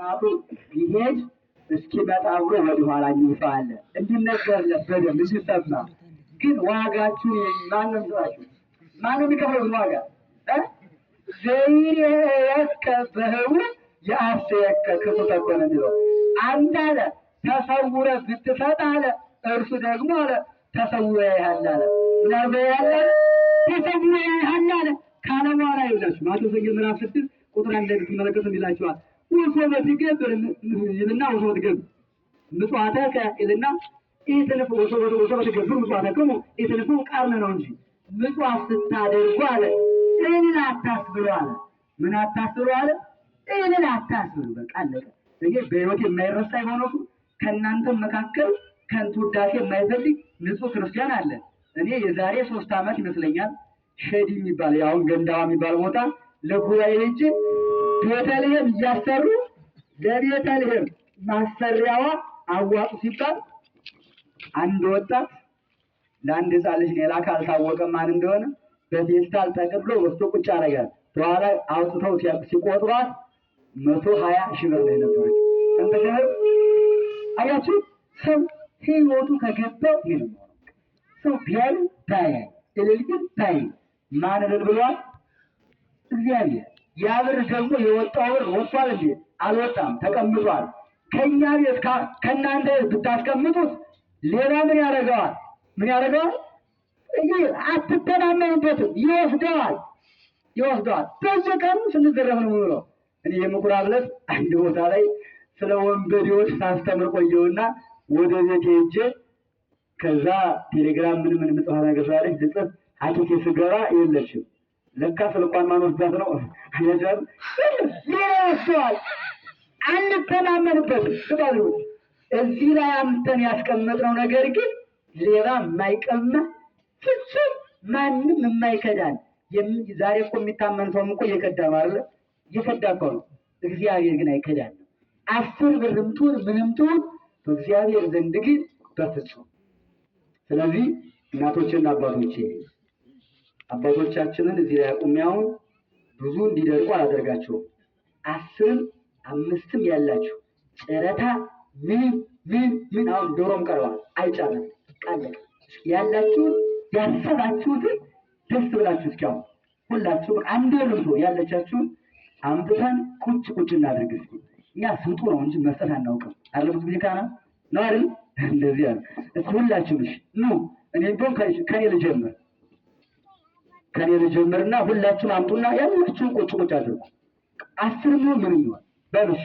ሰዓቱ ቢሄድ እስኪመጣ ብሎ ወደኋላ ይፋለ እንዲነገርለት በደንብ ሲሰማ ግን ዋጋችሁ ማንም ሰዋችሁ ማንም ይከፍለው ዋጋ ዘይያስከበህው የአስተየከ ክፉ ተኮነ የሚለው አንተ አለ ተሰውረ ብትሰጥ አለ እርሱ ደግሞ አለ ተሰውረ ያህል አለ ምናርበ ያለ ተሰውረ ያህል አለ ካለሟላ ይብላችሁ ማቴዎስ ወንጌል ምዕራፍ ስድስት ቁጥር አንድ ላይ ብትመለከቱ ይላችኋል ውሶ በትገብር ይልና ውሶ በትገብር ምጽዋተከ ይልና ኢትንፍ ውሶ በትገብር ምጽዋተከሙ ኢትንፍ ቃርነ ነው እንጂ ምጽዋት ስታደርጉ አለ እህልን አታስብሉ አለ። ምን አታስብሉ አለ? እህልን አታስብሉ። በቃ አለቀ። ይሄ በሕይወት የማይረሳ የሆነ ከእናንተም መካከል ከንቱ ውዳሴ የማይፈልግ ንጹሕ ክርስቲያን አለ። እኔ የዛሬ ሶስት ዓመት ይመስለኛል ሸዲ የሚባል አሁን ገንዳዋ የሚባል ቦታ ለጉባኤ ልጅ ቤተልሔም እያሰሩ ለቤተልሔም ማሰሪያዋ አዋጡ ሲባል አንድ ወጣት ለአንድ ሕፃን ልጅ ሌላ ካልታወቀ ማን እንደሆነ በፌስታል ጠቅልሎ ወስዶ ቁጭ አረጋል። በኋላ አውጥተው ሲቆጥሯት መቶ ሀያ ሺ ብር ላይ የነበረች። ስንት ብር አያችሁ? ሰው ህይወቱ ከገባው ይህ ሰው ቢያል ታያል፣ እልል ግን ታይ። ማን እልል ብሏል? እግዚአብሔር ያ ብር ደግሞ የወጣው ብር ወጥቷል እንዴ? አልወጣም፣ ተቀምጧል። ከእኛ ቤት ከእናንተ ብታስቀምጡት ሌላ ምን ያደርገዋል? ምን ያደርገዋል? አትተማመኑበትም፣ ይወስደዋል፣ ይወስደዋል። በዚህ ቀኑ ስንዘረፍ ነው ምንለው። እኔ የምኩራብ ዕለት አንድ ቦታ ላይ ስለ ወንበዴዎች ሳስተምር ቆየውና ወደ ቤት ሄጄ ከዛ ቴሌግራም ምን ምን ምጽፋ ነገር ስላለች ልጽፍ አቶቴ ስገባ የለችም። ለካ ስለ ቋንቋ ነው ነው ገንዘብ ሌላ ወስደዋል። አንተማመንበትም። እዚህ ላይ አምተን ያስቀመጥነው ነገር ግን ሌባ የማይቀማ ፍጹም ማንም የማይከዳን ዛሬ እኮ የሚታመን ሰውም እኮ እየከዳ ነው አለ እየከዳ እኮ ነው። እግዚአብሔር ግን አይከዳን። አስር ብርም ትሁን ምንም ትሁን በእግዚአብሔር ዘንድ ግን በፍጹም። ስለዚህ እናቶችና አባቶቼ አባቶቻችንን እዚህ ላይ አቁሜ ብዙ እንዲደርቁ አላደርጋቸውም። አስርም አምስትም ያላችሁ ጨረታ ምን ምን ምን አሁን ዶሮም ቀርቧል አይጫረም ቃለቅ ያላችሁን ያሰባችሁትን ደስ ብላችሁ እስኪ ሁላችሁ አንድ ርምቶ ያለቻችሁን አምጥተን ቁጭ ቁጭ እናድርግ እስኪ። እኛ ስጡ ነው እንጂ መስጠት አናውቅም። አለብዙ ጊዜ ካና ነው አይደል? እንደዚህ ያለ እስኪ ሁላችሁ እሺ ኑ እኔ እንደውም ከኔ ልጀምር ከኔ ልጀምርና ሁላችሁም አምጡና ያላችሁን ቁጭ ቁጭ አድርጉ። አስር ነው ምን ይሆን በምሽ